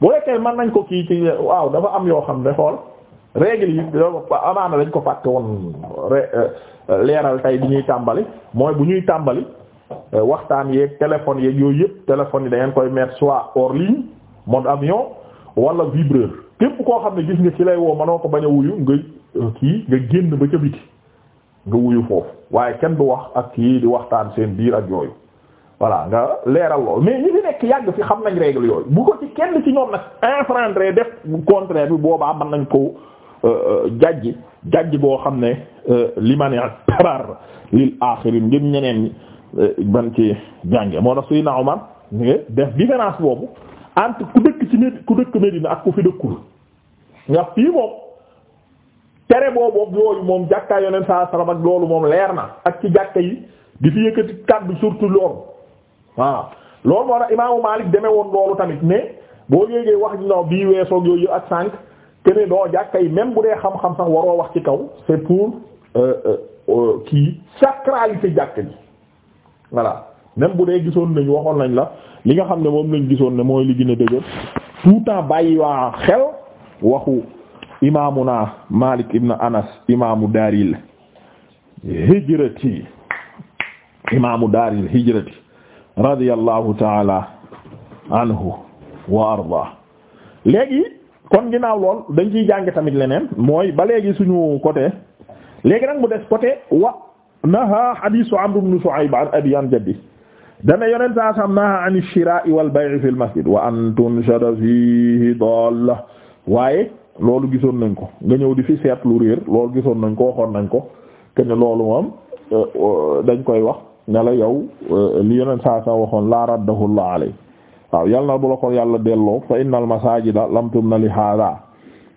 bu fekkee man nañ ko kii ci waaw dafa am yoo xam ne xool règle yi amaana dañ ko fàtte woon euh, leeral tey bi ñuy tàmbali mooy bu ñuy tàmbali euh, waxtaan yeeg téléphone yeeg yooyu yëpp téléphone yi da ngeen koy mettre soit hors ligne mode avion wala vibreur képp koo xam ne gis nga ci lay woo manoo ko bañ a wuyu nga euh, kii nga génn ba ca biti nga wuyu foofu waaye kenn du wax ak kii di waxtaan seen biir ak yooyu voilà nga leeral lool mais ñi nekk yàgg fi xam nañ règle yooyu bu ko ci kenn ci ñoom nag enfreindre def contraire bi boobaa man nañ ko euh, euh, jajji gàjj boo xam ne euh, li ma ne tarar lil aaxirin ngir ñeneen ñi ban ci na Umar nga def boobu ku dëkk ci Médine ak ku fi dëkkul nga fii moom tere boobu yooyu moom jàkkaay yoneen saa salaam loolu moom leer na ak ci jàkka yi di fi yëkkati kàddu surtout loolu waaw loolu moo tax imaamu Maalik demee woon loolu tamit ne boo yéegee wax no bii weesoog yooyu ak sànq te doo jàkka yi même bu dee xam-xam sax waroo wax ci kaw c'est pour euh, euh, euh, kii sacralité jàkka ji voilà même bu dee gisoon nañu waxoon nañ la li nga xam ne moom lañ gisoon ne mooy li gën a dëgër tout temps bàyyi waa xel waxu imaamuna Maalik ibn Anas imaamu daaril hijrati imaamu daaril hijrati radiyallahu taala anhu wa arda léegi kon ginnaaw lool dañ ciy jàng tamit leneen mooy ba léegi suñu côté léegi nag mu des côté wa naha hadisu amr ibn shu'ayb an abi an jaddi dana yonent saa sam naha an ash-shira'i wal bay'i fil masjid wa an tunshada fihi dalla waaye loolu gisoon nañ ko nga ñëw di fi seetlu réer loolu gisoon nañ ko waxoon nañ ko kenn loolu moom euh, euh, dañ koy wax ne la yow euh, li yeneen saa sa waxoon la raddahu Allah alay waaw yal na bu la ko yàlla delloo fa innal masajida lam tumna li hada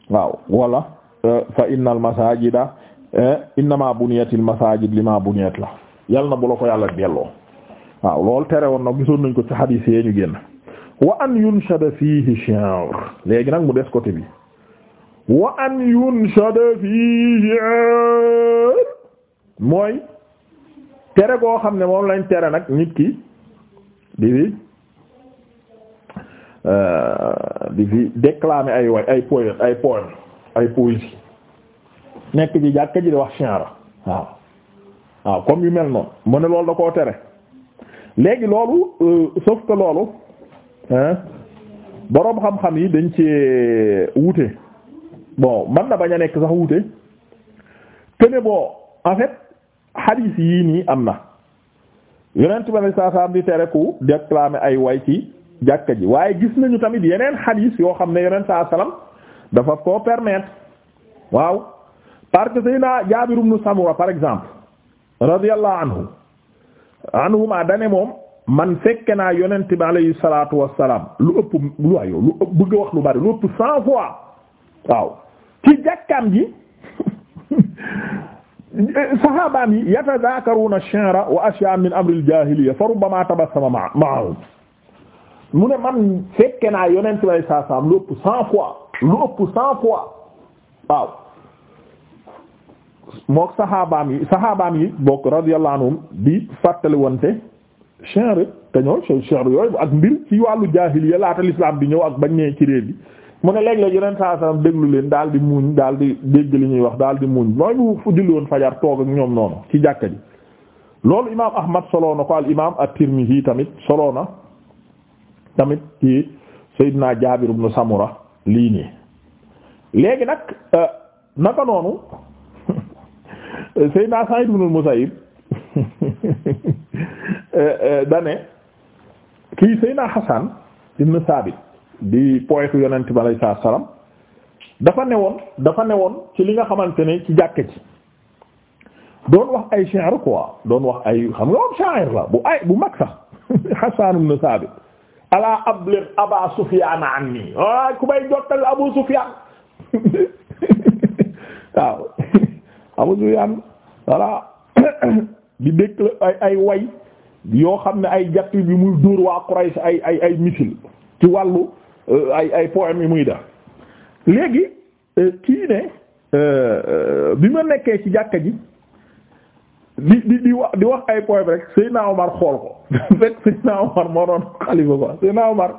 waaw wala euh, fa innal masajida euh, innama buniyat al masajid lima buniyat la yal na bu ko yàlla delloo waaw loolu tere woon nag gisoon nañ ko ci hadis yi ñu wa an yunshada fihi shi'r léegi nag mu des côté bi wa an yunshada fihi shi'r mooy tere goo xam ne moom lañ tere nag nit ki di fi euh, di fi déclamer ay way ay poème ay poème ay poésie nekk ci jàkka ji di wax shi'ra waaw waaw comme yu mel noonu mu ne loolu da koo tere léegi loolu euh, sauf que loolu boroom xam-xam yi dañ ci wute bon man na bañ a nekk sax wute que ne bon xadiis yii nii am na yonent bi sallallahu alayhi wasallam di tere ku déclamer ay way ci jàkka ji waaye gis nañu tamit yeneen xadiis yoo xam ne yonent sallallahu alayhi dafa ko permettre waaw parce que Seydina Jaabir ibn Samura par exemple radiyallahu anhu anhuma dane moom man fekke naa yonent bi alayhi salaatu wassalaam lu ëpp lu waaye lu ëpp bëgg wax lu bari lu ëpp cent fois waaw ci jàkkaam ji sahabaam yi yatadakaruuna shi'ra wa ashya'a min amri al fa rubbama tabassama ma'ahum mu ne man fekke naa yonent way saa lu ëpp cent fois lu ëpp cent fois mook sahabaam yi sahabaam yi bokk radiyallahu anhum di fàttali wante bi ñëw ak bañ ne ci mu ne léeg-léeg yeneen saa salaam déglu leen daal di muuñ daal di dégg li ñuy wax daal di muuñ mooy ñu fu julli woon fajar toog ak ñoom noonu ci jàkka ji loolu imaam Ahmad solo na ko al imaam at-Tirmidhi tamit solo na tamit ci Seydina Jaabir ibn Samura lii nii léegi nag euh, naka noonu Seydina Sa'id ibn al-Musayyib euh, euh, dane kii Seydina Hasan ibn Saabit di poetu yonent bi alayhi salaam dafa newoon dafa newoon ci li nga xamante ne ci jàkka ji doon wax ay shi'r quoi doon wax ay xam nga moom sha'ir la bu ay bu mag sax Hasan ibn Sabit ala abligh Aba Sufyan anni waaw Abu Sufyan voilà di dégg ay ay way yoo xam ne ay jàpp bi muy dóor waa Quraysh ay ay ay misil ci wàllu Euh, ay ay poème yi muy da léegi euh, kii ne euh, bi ma nekkee ci jàkka ji di di di wax di wax ay poème rek Seydina Omar xool ko fekk Seydina Omar moo doon xalifa ko Seydina Omar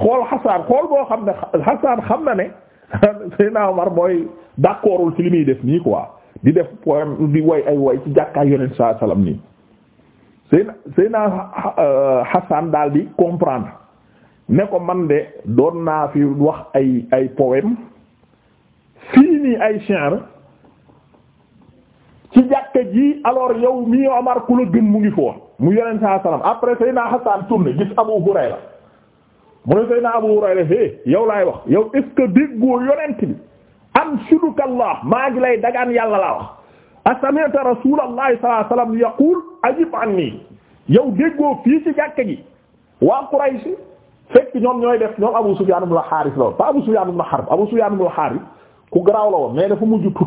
xool Hassan xool boo xam ne Hassan xam na ne Seydina Omar mooy d'accordul ci li muy def nii quoi di def poème di way ay woy ci jàkkaay Yonent saa salaam nii Seydina Seydina Hassan daal di comprendre. ne ko man de doon naa fi wax ay ay poème fii nii ay shi'r ci jàkka ji alors yow mi Omar ku la gën mu ngi foofu mu yonent saa salaam après Seydina Hassan tourné gis Abu Hurayra mu ne Seydina Abu Hurayra hé yow laay wax yow est-ce que déggoo yonent bi am sudukallah maa ngi lay dagaan yàlla laa wax asami'ta rasulallahi sallallahu alayhi wasallam yaqul ajib anni yow déggoo fii ci jàkka ji waa Quraysh fekk ñoom ñooy def ñoom Abu Sufyan ibn Harith la woon pas Abu Sufyan ibn Harb ku garaaw la woon mais dafa mu tut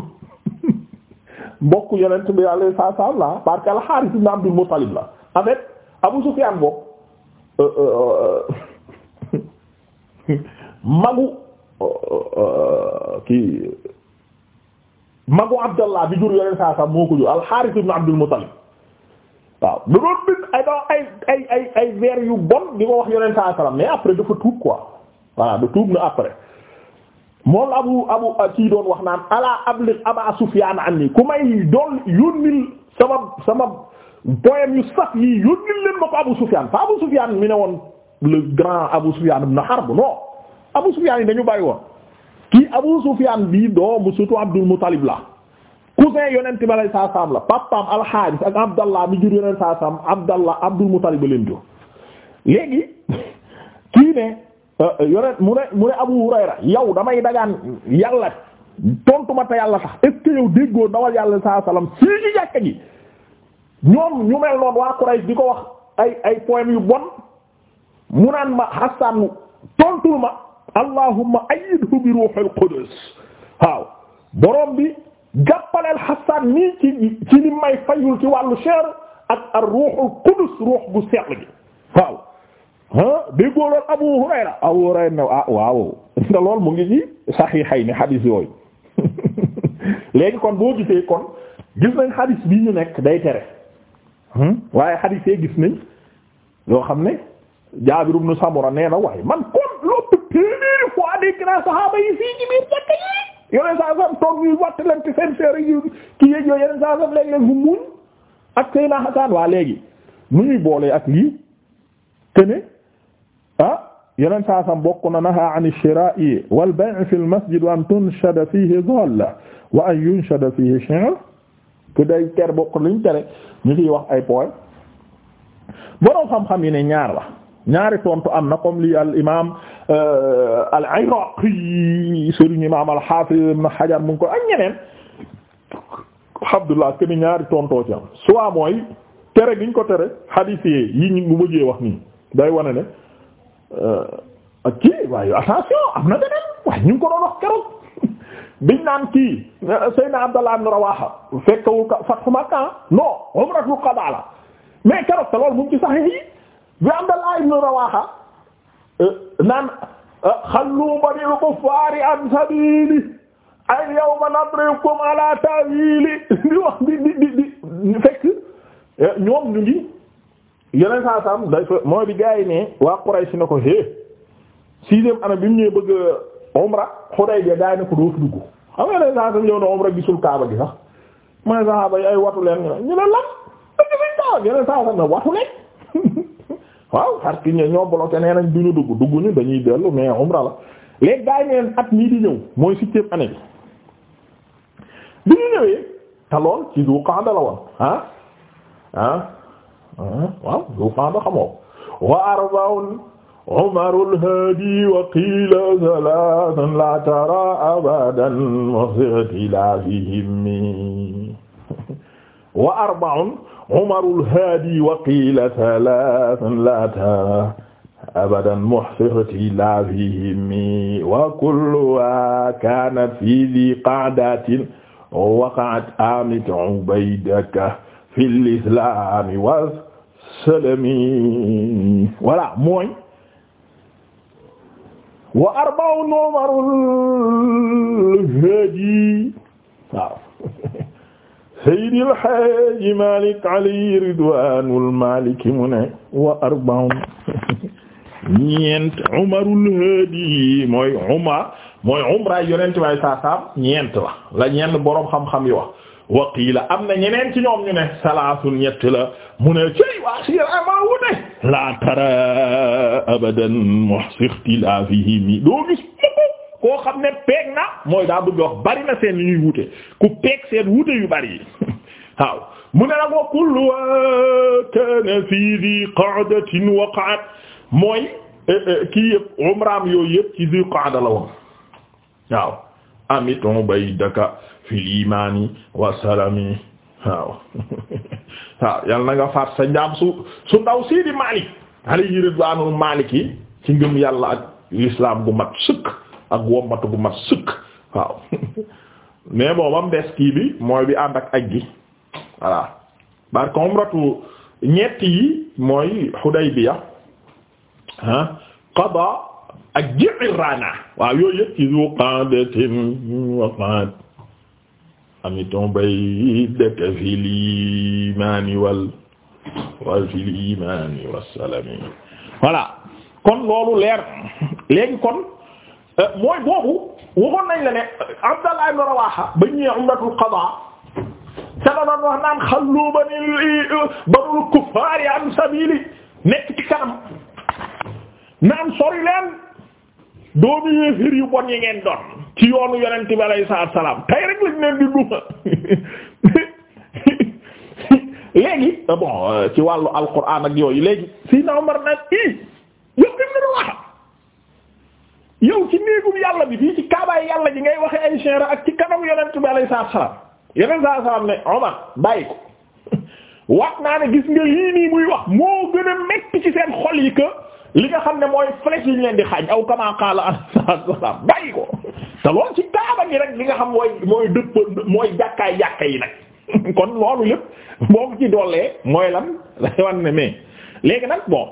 mbokk yonent bi alayhi salaam la parce al-Harith ibn Abdul Muttalib la euh, euh, euh, magu kii magu Abdallah bi jur yonent saa saa moo ko jur al-Harith ibn Abdul Muttalib waaw da doon bind ay ay ay ay ay vers yu bon di ko wax yonent saa salaam mais après dafa tuub quoi voilà da tuub na après moom abu abu kii doon wax naan ala ablig aba sufyaan anni ku may dool yónnil sama sama poème yu saf yi yónnil leen ma ko abu sufyaan fa abu sufyaan mi ne woon le grand abu sufyaan ibn harb non abu sufyaan yi dañu bàyyi woon kii abu sufyaan bii doomu surtout abdul muttalib la cousin yonent bi alay saa la papaam alxaaris ak abdallah mi jur yonent saa saam abdallah abdul muttalib leen léegi kii ne euh, mu ne mu ne abu hurayra yow damay dagaan yàlla tontu ma te yàlla tax est-ce que yow déggoo dawal yàlla saa salaam ci jàkka gi ñoom ñu mel noonu waa Quraysh di ko wax ay ay poème yu bon mu naan ma Hassan tontul ma allahumma ayyidhu bi ruuhil qudus waaw borom bi jàppaleel Hassan nii ci ci li may fayul ci wàllu cher ak ar ruuxul qudus ruux bu sell gi waaw ah déggoo loolu Abu Hurayra Abu Hurayra ne ah waaw nga lool mu ngi ci Sahihayni hadith yooyu léegi kon boo gisee kon gis nañ hadith bii ñu nekk day tere waaye hadith yee gis nañ yoo xam ne Jaabir ibn Samura nee na waaye man kon loolu téeméeri fois dégg saxaaba yi fii ci biir yi yoneen saa sam toog ñuy wattalanti seen seere yu ki yéeg yooyu yeneen saa sam léeg-léeg mu muñ ak sëy naa xasaan waa léegi nu ñuy boolee ak lii te ne ah yeneen saa sam na naha an ash-shira'i wal bay' fi al-masjid wa an tunshada fihi dhalla wa an fihi shi'r ku day ter bokk luñ tere ñu ciy wax ay poy boroom xam-xam yi ne ñaar la ñaari tontu am na comme li al imam Euh, al-Iraqi sëriñ imaam al-Hafiz ibn Hajar mu ko ay ñeneen Abdullah keni ñaari tontoo ci am soit mooy tere giñ ko tere hadith yi ñu mujjee wax nii day wane ne euh, ak kii waaye attention am na beneen waaye ñu ko doon wax keroog biñ naan kii Seydina Abdallah ibn Rawaha fekkewu Fathu Makka ah, non umratul qada la mais keroog te loolu mu ci Sahih yi bi Abdallah ibn Rawaha naan xallu banil kuffaari an sabiili ay yawma nadribukum ala ta'wili di wax di di di fekk ñoom ñu ngi yeneen saa saam day fa mooy bi gaay ne waa Quraysh ne ko hé sixième année bi mu ñëwee bëgg umra Hudaybiya gaay ne ko dootu dugg xam nga yeneen saa saam ñëw na umra gisul Kaaba gi sax mooy saxaaba yi ay watu leen ñu ne lan dëgg fi ñu yeneen saa saam ne watu leen waaw parce que ñoo bloqué nee nañ duñu dugg dugg ñu dañuy dellu mais umra la léegi gaa yi neen at mii ñëw mooy septième année bi bi ñu ñëwee te lool ci Dhoul Qa'dah la woon ah ah, ah waaw Dhoul Qa'dah xamoo wa arba'un umarul hadi wa qila thalathan la tara abadan wa fi'tila fihim wa arba'un umarul haadi wa qiila thalaathan laata abadan muhsirati la fihimi wa kulluha kaanat fi di qa'datin waqa'at amit ubaydaka fil islami wa salami voilà mooy wa arba'un umarul haadi waaw Seydi El Hadji Malick alayhi ridwaanul maaliki mu ne wa arba'un ñeent umarul haadi mooy umra mooy umra yonent la la ñenn boroom xam-xam yi wax wa qiila am na ñeneen ci ñoom ñu ne la mu ne cey waa si rama wu ne laa tara abadan muhsi ixtilaafihi mi doo gis koo xam ne peeg na mooy daa bëgg wax bari na seen ñuy wute ku peeg seen wute yu bari yi waaw mu ne nag wa kullu kana fii di qa'datin waqa'at mooy eh, eh, ki yëpp umraam yooyu yëpp ci di qa'da la woon waaw amiton bay daka fil imani wa salami waaw waaw yal na nga faat sa su su ndaw sii di Maalik alayhi ridwaanul Maaliki ci ngëm yàlla ak gu mat sëkk ak wommatu gu ma sëkk waaw mais bon ba bi mooy bi ànd ak aj gi voilà parce que yi mooy Hudaybiya ah qada ak Ji'rana waaw yooyu yëpp ci zu qadatin wa qad bay dëkk fil imaani wal wal fil imaani wassalami voilà kon loolu leer léegi kon mooy boobu waxoon nañ la ne Abdallah ibn Rawaha ba ñëwee umratul qadaa sa la doon wax naan xallu bani banul kuffaari an sabiili nekk ci kanam naan sori leen doomu yu bon yi ngeen doon ci yoonu yonent bi alayhi salaatu salaam tey rek lañ leen di duma léegi bon ci wàllu alquran ak yooyu léegi si na Umar nag i yow ibn yow ci néegum yàlla bi fii ci kaabaay yàlla ji ngay waxe ay seera ak ci kanam yonent bi alayhi salaam yonent saa salaam ne Omar bàyyi ko waat naa ne gis nga lii nii muy wax moo gën a metti ci seen xol yi que li nga xam ne mooy flèche yi leen di xaaj aw kama qaala alayhi salaam bàyyi ko te loolu ci kaaba gi rek li nga xam mooy mooy dëpp mooy jàkkaay jàkka yi nag kon loolu lépp boo ko ci doolee mooy lan day wan ne mais léegi nag boo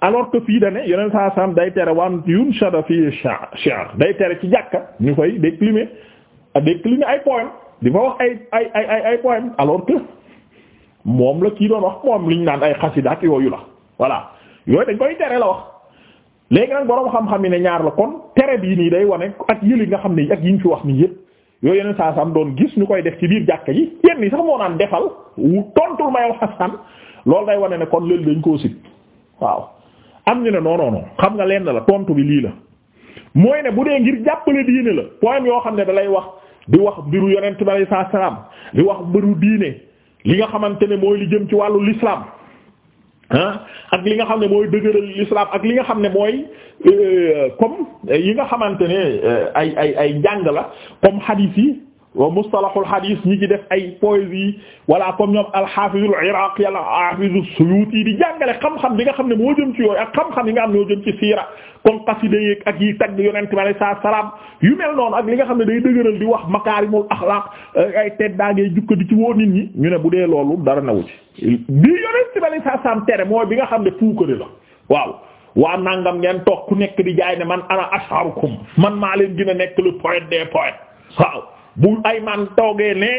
alors que fii da ne yeneen saa saam day tere wan yunshada fii shi'r day tere ci jàkka ñu koy décliner décliner ay poème di fa wax ay ay ay ay poème alors que moom la kii doon wax moom ñu naan ay xasida ak yooyu la voilà yooyu dañ koy tere la wax. léegi nag boroom xam-xam yi ne ñaar la kon tere bii nii day wane ak yëli nga xam ne ak yi ñu fi wax ni yëpp yooyu yeneen saa saam doon gis ñu koy def ci biir jàkka yi yenn yi sax moo naan defal wu tontul ma yow xasan loolu day wane ne kon dañ koo sit waaw. am ñu ne non xam nga lenn la tontu bi lii la mooy ne bu dee ngir jàppale diine la poème yoo xam ne da lay wax di wax mbiru yonent bi alayhi salaam di wax mbiru diine li nga xamante ne mooy li jëm ci wàllu l'islam ah ak li nga xam ne mooy dëgëral l'islam ak li nga xam ne mooy euh, comme yi nga xamante ne euh, ay ay ay njàng la comme hadith yi. wa mustalahul hadis ñu ci def ay poésie wala comme ñoom al-Hafizul Iraqi al-Hafizus Suyuti di jàngale xam-xam bi nga xam ne moo jëm ci yooyu ak xam-xam yi nga xam ne moo jëm ci siira kon xasida yeeg ak yi tagg yonent bi alayhi salaam yu mel noonu ak li nga xam ne day dëgëral di wax makaarimul axlaaq ay teddaangee jukka di ci woo nit ñi ñu ne bu dee loolu dara nawu ci bi yonent bi alayhi salaam tere mooy bi nga xam ne puukare la waaw waa nangam ngeen toog ku nekk di jaay ne man ana asharukum man maa leen gën a nekk le poète des poètes waaw bu ay man toogee ne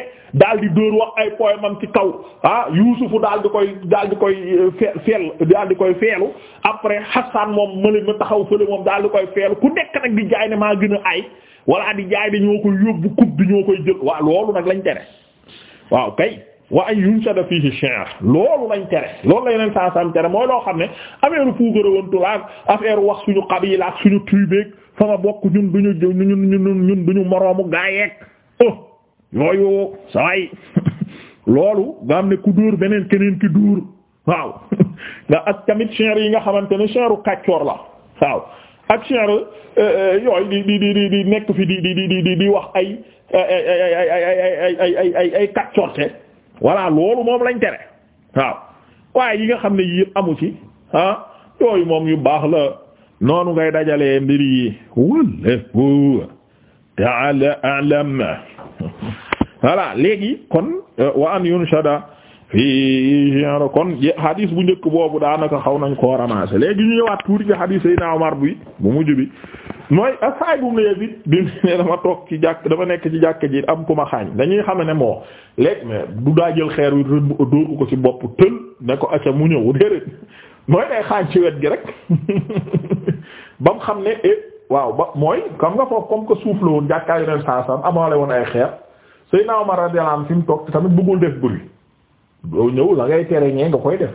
daal di dóor wax ay poemam ci kaw ah yuusufu dal di koy daal di koy euh, feel daal di koy feelu après Hassan moom mële ma taxaw fële moom daal di koy feelu ku nekk nag di jaay ne maa gën a ay wala di jaay ne ñoo koy yóbbu coupe bi ñoo koy jël waaw loolu nag lañ tere waaw kay wa an yunshada fihi shi'r loolu lañ tere loolu la yeneen saa sam tere mooy loo xam ne affaire fuugarawantulaak affaire wax suñu xabiila ak suñu tribeek fa nga bokk ñun duñu ñun ñun du ñu moroomu gaayeek oh yooyu sawaay loolu nga am ne ku dóor beneen keneen ki dóor waaw nga ak tamit chair yi nga xamante ne chairu kàccoor la waaw ak chair yooyu di di di di nekk fi di di di di wax ay ay ay ay ay loolu moom lañ tere waaw waaye yi nga xam ne yii amu ci ah yooyu moom yu baax la noonu ngay dajalee mbir yi wala ta'ala a'lam voilà léegi kon euh, wa an yunshada fi kon hadis bu njëkk boobu daanaka xaw nañ ko ramasser léegi ñu ñëwaat tuuti ci hadis Seydina Omar bi bu mujj bi mooy asaay bu mu ne Yazid bi toog ci jàkk dama nekk ci jàkk ji am ku ma xaañ dañuy xam ne moo léegi mais daa jël xeer wi dóor ko ci bopp tël ne ko acca mu ñëw déedéet mooy day xaañ ci wet gi rek bam xam ne eh, waaw ba mooy xam nga foofu comme que suuf la woon jàkkaay yoneen saa sam amaale woon ay xeer Seydina Omar radiyallahu am fi mu toog tamit buggul def bruit doo ñëw la ngay tere ñee nga koy def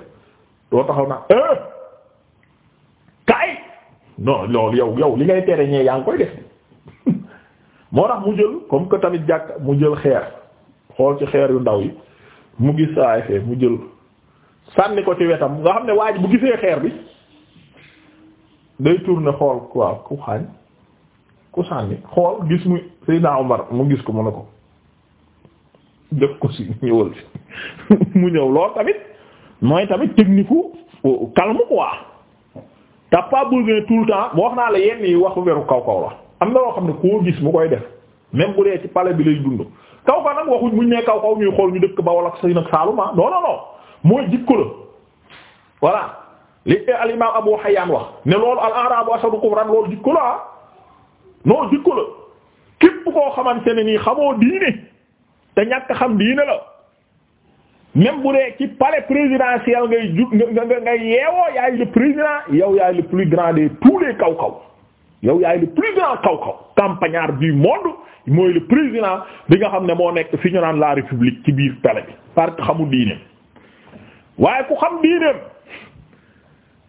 doo taxaw eh, yow yow li ngay tere ñee yaa moo tax mu jël comme que tamit jàkk mu jël xeer xool ci xeer yu ndaw yi mu gis saay fee mu jël sànni ko ci wetam nga xam ne waa bu gisee xeer bi day tourner xool quoi ku xaañ ku sànni xool gis mu Seydina Omar mu gis ko mu ne ko def ko ci ñëwal ci mu ñëw lool tamit mooy tamit technique u calme quoi t'as pas besoin tout le temps moo wax naa la yenn yi waxu weru kaw kaw la am na loo xam ne koo gis mu koy def même bu dee ci palais bi lay dund kaw kaw nag waxuñ muñ ne kaw kaw ñuy xool ñu dëkk ba wala ak nag saaluma ah, non non non mooy jikko la voilà li al imam abu hayyan wax ne loolu al arabu asadu kufran loolu jikko la non ah. jikko la képp koo xamante ne nii xamoo diine te ñàkk xam diine la même bu dee ci palais présidentiel ngay ju nga nga nga yeewoo yaay le président yow yaay le plus grand de kaw-kaw yow yaay le plus grand kaw-kaw campagnard du monde mooy le président bi nga xam ne moo nekk fi ñu naan la république ci biir palais bi parce que xamul diine waaye ku xam diineem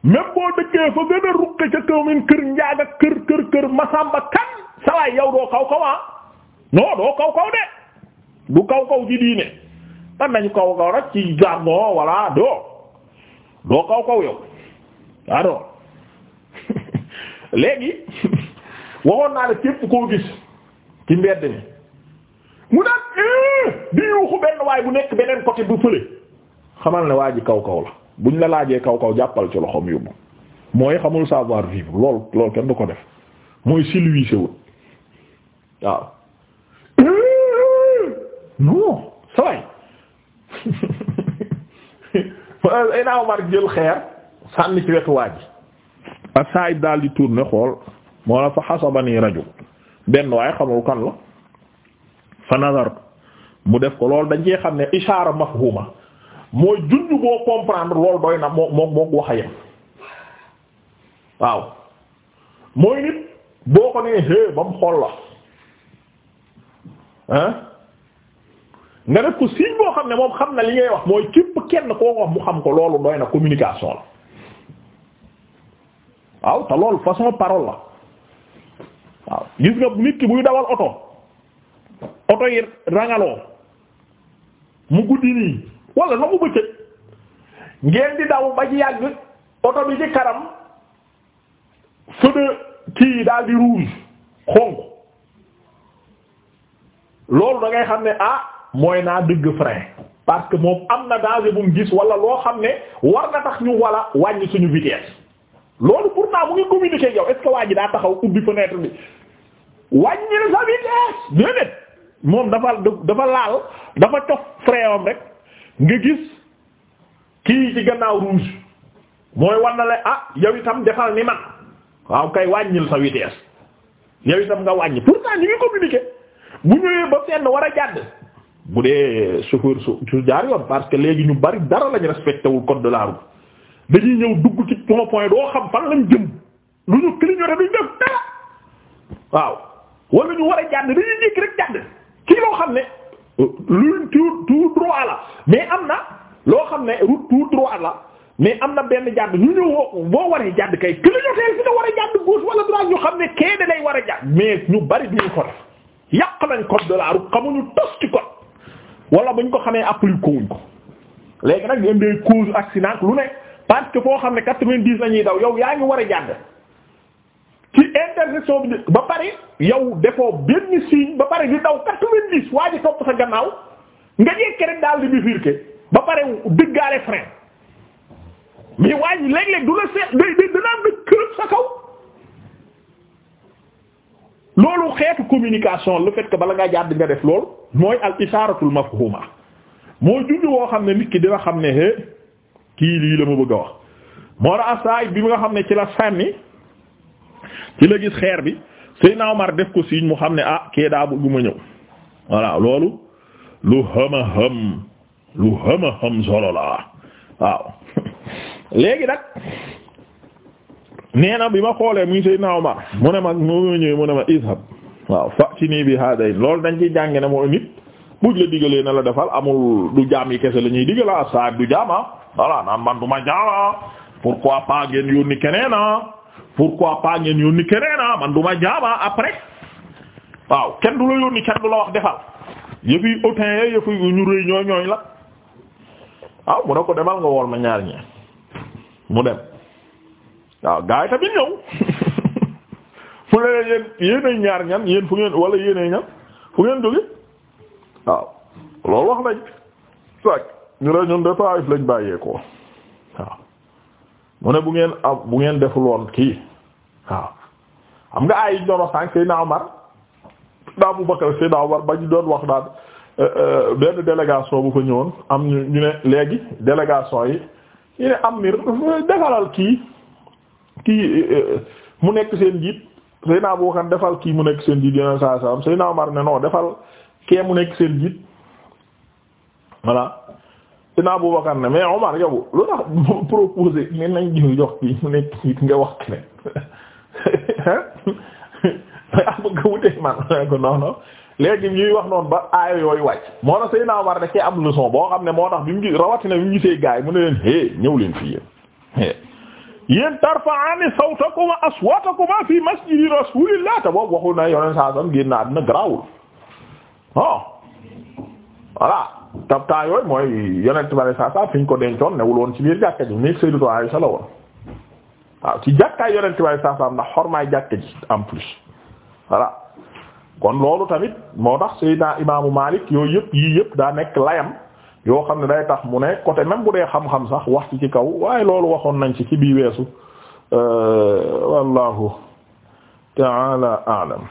même boo dëkkee fa gën a ruqe ca kaw kër njaaga kër kër kër masamba kan sawaay yow doo kaw kaw ah non doo kaw kaw de du kaw kaw ci diine man nañu kaw kaw rek ci jargon walla doo doo kaw kaw yow waa ah, léegi waxoon naa la képp koo gis ci mbedd mi mu naan eh, di yuuxu benn waay bu nekk beneen côté bu fële xamal ne waa ji kaw kaw la bu ñu la laajee kaw kaw jàppal ci loxoom yóbbu mooy xamul savoir vivre lool lool kenn du ko def mooy silvissé wut waaw non saway inaaw mar jël xeer sànni ci wetu waa ji ak saayib daal di tourner xool moo la fa xasabani rajul benn waaye xamul kan la fa nazar mu def ko loolu dañ cee xam ne ishaara mafhuma mooy junj boo comprendre loolu doy na moo moo moo wax a yem waaw mooy nit boo ko nee hé ba mu xool la ah nga def ko signe boo xam ne moom xam na li ngay wax mooy képp kenn koo wax mu xam ko loolu doy na communication la waaw te loolu façon parole la waaw gis nga nit ki buy dawal oto oto yi rangaloo mu guddi nii wala na mu bëccëg ngeen di daw ba ci yàgg oto bi ci kanam fëna kii daal di rouge xonq loolu da ngay xam ne ah mooy naa dëgg frein parce que moom am na danger bu gis wala loo xam ne war na tax ñu wala wàññi suñu vitesse loolu pourtant mu ngi communiquer yow est ce ji daa taxaw ubbi fenêtre bi wàññi sa vitesse déedéet moom dafa dafa laal dafa cof frein am rek nga gis kii ci gannaaw rouge mooy wan la ah yow itam defal ni man waaw kay wàññil sa vitesse yow itam nga wàññi pourtant ñu ngi communiqué bu ñëwee ba fenn war a jàdd bu dee chauffeur su su jaar yoon parce que léegi ñu bari dara lañ respecté wul code de la dañuy ñëw dugg ci point point doo xam fan lañ jëm lu ñu clignoté duñ def dara waaw wala ñu war a jàdd dañuy jékki rek jàdd kii loo xam ne. lu tout tout droit la mais am na loo xam ne route tout droit la mais am na benn jàdd ñu ñëw woo boo waree jàdd kay ki la ñoteel fi nga war a jàdd gauche wala droite ñu xam ne kee da lay war a jàdd mais ñu bari ñu ko def yàq nañ code de la route xamuñu tos ci code wala buñ ko xamee appliqué wuñ ko léegi nag ñu am day cause accident lu ne parce que foo xam ne quatre-vingt-dix la ñuy daw yow yaa ngi war a jàdd ci intersection bi ba pare yow defoo benn signe ba pare di daw quatre waa ji topp sa gannaaw nga jekke daal di bifurquer ba pare dëggaale frein mais waa ji léeg-léeg du la seet day day danaan kër sa kaw loolu xeetu communication le fait que bala ngaa jàdd nga def loolu mooy al isaaratul mafhuma mooy junj woo xam ne nit ki dina xam ne kii lii la ma bëgg a wax moo ra bi nga xam ne ci la sànni ci la gis xeer bi Seydina Omar def ko signe mu xam ne ah kee daa bëgg ma ñëw voilà loolu lu xama xam lu xama xam solo la waaw léegi nag nee bi ma xoolee muy Seydina Omar mu ne ma mu ne ma ishab waaw fa ci nii bi haday loolu dañ ci jànge ne moo nit buñ la digalee na la defal amul du jaam yi kese la ñuy digala ah, du jaama ah, voilà naan man ma jaama ah, pourquoi pas ngeen yónni keneen pourquoi pas ngeen yónni keneen ah man du ma jaaba ah, après waaw kenn du la yónni kenn du la wax defal yëf yi ñu rëy ñooñ la waaw ah, mu ne ko demal nga wool ma ñaar ñi mu dem waaw gaa tamit ñëw mu ne leen yéen yéenay ñaar ñan yéen fu ngeen wala yéenay ñan fu ngeen jóge waaw loolu wax nañ. sac ñu ne ñun de Taif lañ bàyyeekoo. mu ne bu ngeen bu ngeen deful woon kii waaw xam nga ay ñoro sànq Seydina Omar Seydina Abu Bakar Seydina Omar ba ñu doon wax daal euh, euh, benn délégation bu fa ñëwoon am ñu ñu ne léegi délégation yi ñu ne amir defalal kii kii euh, mu nekk seen jiit Seydina Abu Bakar defal kii mu nekk seen jiit yeneen saa saa am Seydina Omar ne non defal kee mu nekk seen jiit voilà. sina Abu Bakar ne mais Omar yow lu tax mu proposé nañ jox kii mu nekk nga wax ne ah bëgg a wute man ko non non ñuy wax noonu ba aaya yooyu wàcc. moo tax Seydina Omar da cee am leçon boo xam ne moo tax bi mu gis mu gisee gaay mu ne leen hey ñëw leen fii yéen. yéen tarfa'ani sawtakum wa aswatakum fi masjidi rasulillah te boobu waxul na yoneen saa sam génn àddina garaawul ah voilà. tab temps yooyu mooy yonent bari saa saa fi ñu ko dencoon newul woon ci biir jàkka ji néeg Sayyidatu Aisha la woon waaw ci jàkkaay yonent bari saa saa ndax xormaay jàkka ji en plus voilà kon loolu tamit moo tax daa imaamu Maalik yooyu yëpp yii yëpp daa nekk layam yoo xam ne day tax mu ne côté même bu dee xam-xam sax wax ci ci kaw waaye loolu waxoon nañ ci ci bii weesu euh, wallahu ta'ala a'lam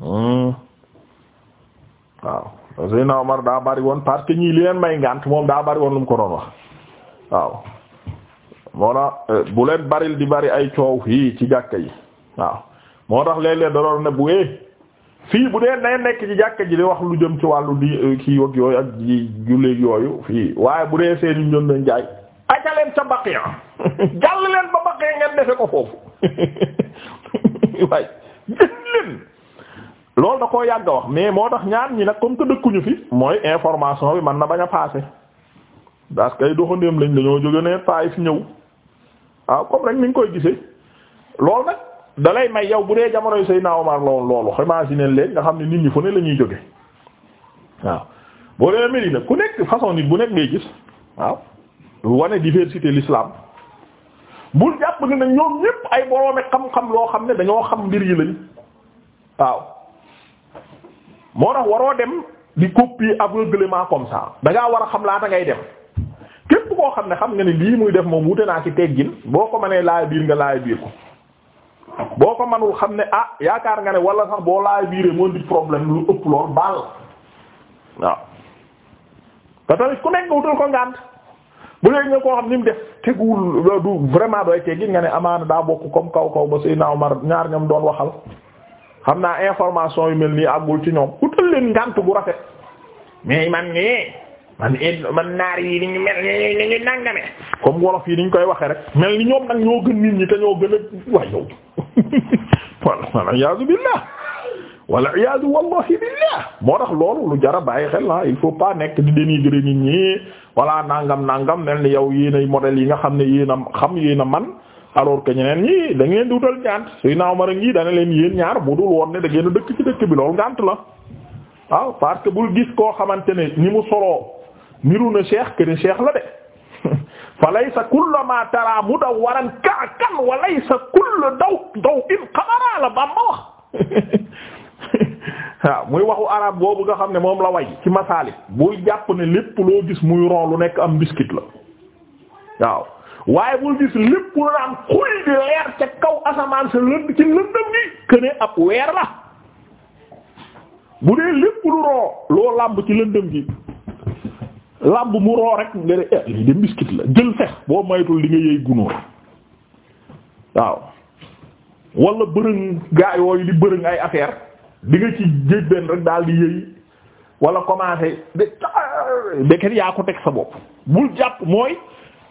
hmm. waaw Seydina Omar daa woon parce que ñii li leen may ngànt moom daa bari woon lu mu ko doon wax waaw moo tax euh, bu leen baril di bari ay coow fii ci jàkka yi waaw moo tax léeg leen da doon ne bu ee eh, fii bu dee day nekk ci jàkka ji di wax lu jëm ci wàllu di euh, kii ak yooyu ak ji yooyu fii waaye bu dee seen ñoom dañ jaay aca leen ca Baqiya jàll leen ba Baqiya ngeen defe ko foofu waay loolu da ko yàgg a wax mais moo tax ñaar ñi nag comme que dëkkuñu fi mooy information bi man na bañ a passé parce que ay doxandéem lañ dañoo jóge ne taay fi ñëw waaw comme rek ni nga koy gisee loolu may yow bu dee jamonoy Seydina Omar la woon loolu imaginer leen nga xam ne nit ñi fu ne la ñuy jóge waaw boo demee Medina ku nekk façon nit bu nekk ngay gis waaw wane diversité l'islam bul jàpp ne nag ñoom ñépp ay boroomi xam-xam loo xam ne dañoo xam mbir yi lañ waaw moo tax waroo dem di copier aveuglément comme ça da war a xam laa ta ngay dem képp koo xam ne xam nga ne lii muy def moom wute naa ci teggin boo ko manee laaj biir nga laaj biir ko boo ko mënul xam ne ah yaakaar nga ne wala sax boo laaj biiree moo di problème lu ëpp lool baal waaw. te tamit ku nekk nga wutal ko ngànt bu léegi nga koo xam ni mu def teguwul du vraiment doy teggin nga ne amaana daa bokk kom kaw kaw ba Seydina Omar ñaar ñam doon waxal. xam naa information yu mel nii àggul ci ñoom utal leen ngànt bu rafet mais man nii man man naar yi ni ñu nangame comme wolof yi ni ñu koy waxee rek mel ni ñoom nag ñoo gën nit ñi te ñoo gën a waay bi walla iyaazu billah walla iyaazu wallahi billah moo tax loolu lu jara bàyyi xel la ah, il faut pas nekk di dénigrer nit ñi walla nangam nangam mel ni yow yéen ay modèles yi nga xam ne yéen xam yéen man alors que ñeneen ñi da ngeen di wutal ngànt suy naaw mara ngi dana leen yéen ñaar bu dul woon ne da ngeen dëkk ci dëkk bi loolu ngànt parce que bul gis koo xamante ne ni mu soloo niru la de fa laysa kullu ma tara waxu arab boobu nga xam ne moom la way ci masaalik bul jàpp ne lépp gis muy ron nekk am biscuit la waaw waaye bul gis lépp lu naan xuy di leer ca kaw asamaan sa lënd ci lëndëm gi këne ab weer la bu dee lépp lu roo loo làmb ci lëndëm gi làmb mu roo rek nga de eh, lii de la jël fex boo maytul li nga yëy waaw wala bërëng gaa yooyu di bërëng ay affaire di nga ci géej rek daal di yëy wala commencé de beket yaa ko teg sa bopp bul jàpp mooy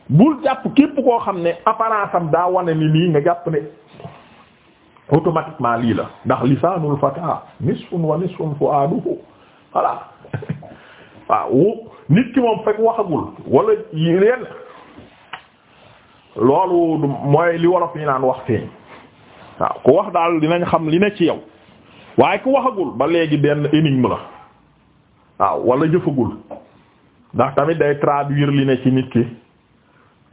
bul jàpp képp koo xam ne apparence am daa wane ni nii nga jàpp ne automatiquement lii la ndax lisaanul fataa nisfun wa nisfun fu'aaduhu voilà waaw nit ki moom fekk waxagul wala yenn loolu mooy li wolof yi naan wax feeñ waaw ku wax daal dinañ xam li ne ci yow waaye ku waxagul ba léegi benn énigme la waaw wala jëfagul ndax tamit day traduire li ne ci nit ki.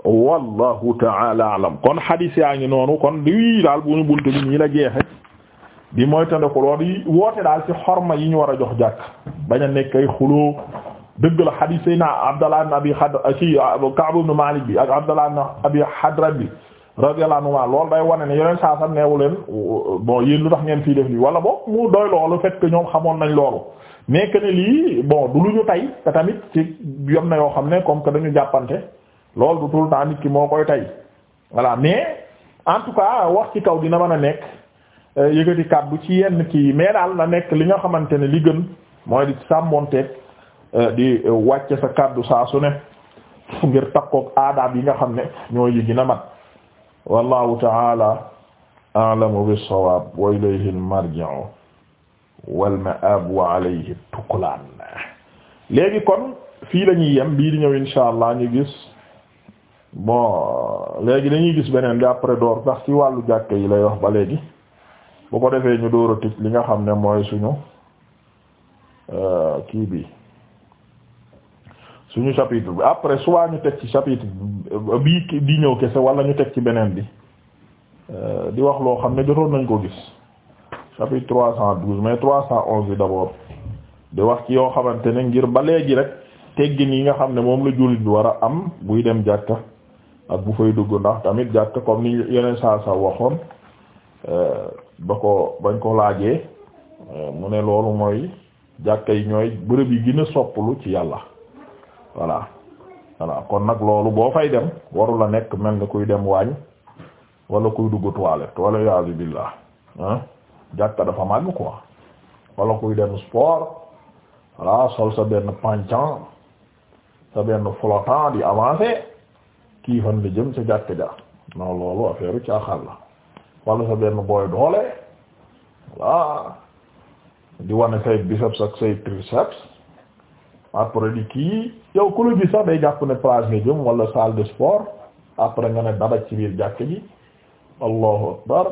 wallahu taala alam kon hadis yaa ngi noonu kon lii daal bu ñu buntu bi ñii la jeexe di mooy tënk loolu yi woote daal ci xorma yi ñu war a jox jàkk bañ a nekk ay xuloo dëgg la hadis yi naa Abdallah ibn Abi Hadra ci Ka'b bi ak Abdallah ibn Abi Hadra bi radiyallahu anhu loolu day wane ne yeneen saa sax neewu leen bon yéen lu tax ngeen fii def lii wala boog mu doy loolu fekk ñoom xamoon nañ loolu nekk ne lii bon du lu ñu tay te tamit ci yom na yoo xam ne comme que dañu jàppante. lool du tout le ki moo koy tay voilà mais en tout cas wax ci kaw dina mën a nekk euh, yëgati kàddu ci yenn kii mais daal la nekk li nga xamante ne li gën mooy di sàmmonteeg euh, di wàcce sa kàddu saa su ne ngir takkook aadaab yi nga xam ne ñoo yi gën a mat wallahu ta'ala a'lamu bis-sawab wa ilayhi al-marji'u wal ma'ab wa alayhi at-tuqlan léegi kon fii la yem bii di ñëw insha allah ñu gis bon léegi dañuy gis beneen bi après door ndax ci wàllu jàkke yi lay wax ba léegi boo ko defee ñu door li nga xam ne mooy suñu euh, kii bi suñu chapitre bi après soit ñu teg ci chapitre bii bii ñëw kese wala ñu teg ci beneen bi euh, di wax loo xam ne jotoon nañ ko gis chapitre trois cent douze mais trois cent onze bi d'abord di wax ci yoo xamante ne ngir ba léegi rek teggin yi nga xam ne moom la jullit bi war a am buy dem jàkka ak bu fay dugg ndax tamit jàkk comme ni yeneen saa sa waxoon eh, ba ko bañ ko laajee eh, mu ne loolu mooy jàkka yi ñooy bërëb yi gën a sopplu ci yàlla voilà voilà kon nag loolu boo fay dem waru la nekk mel ni kuy dem waañ wala kuy dugg toilette wala yaazu billah ah dafa màgg quoi wala kuy dem sport voilà sol sa benn pancan sa benn flottant di avancer kii fan la jëm sa jàkk ja non loolu affaire u la wala sa benn booy doole voilà di wane say biceps ak say triceps après di kii yow ku la gis sax day jàpp ne plage nga jëm wala salle de sport après nga ne dabaj ci biir jàkk ji allahu akbar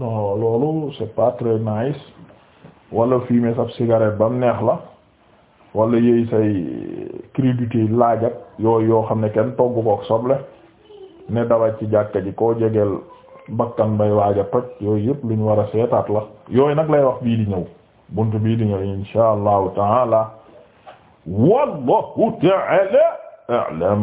non loolu c'est pas très nice wala fumer sab cigarette bam neex la wala yooyu say crudité laajat yooyu yoo xam ne kenn togg kook soble ne dawaj ci jàkka ji koo jegeel bakkan bay waaja toj yooyu yëpp lu ñu war a seetaat la yooyu nag lay wax bii di ñëw bunt bii di ñëw insha allahu taala wallahu taala a'lam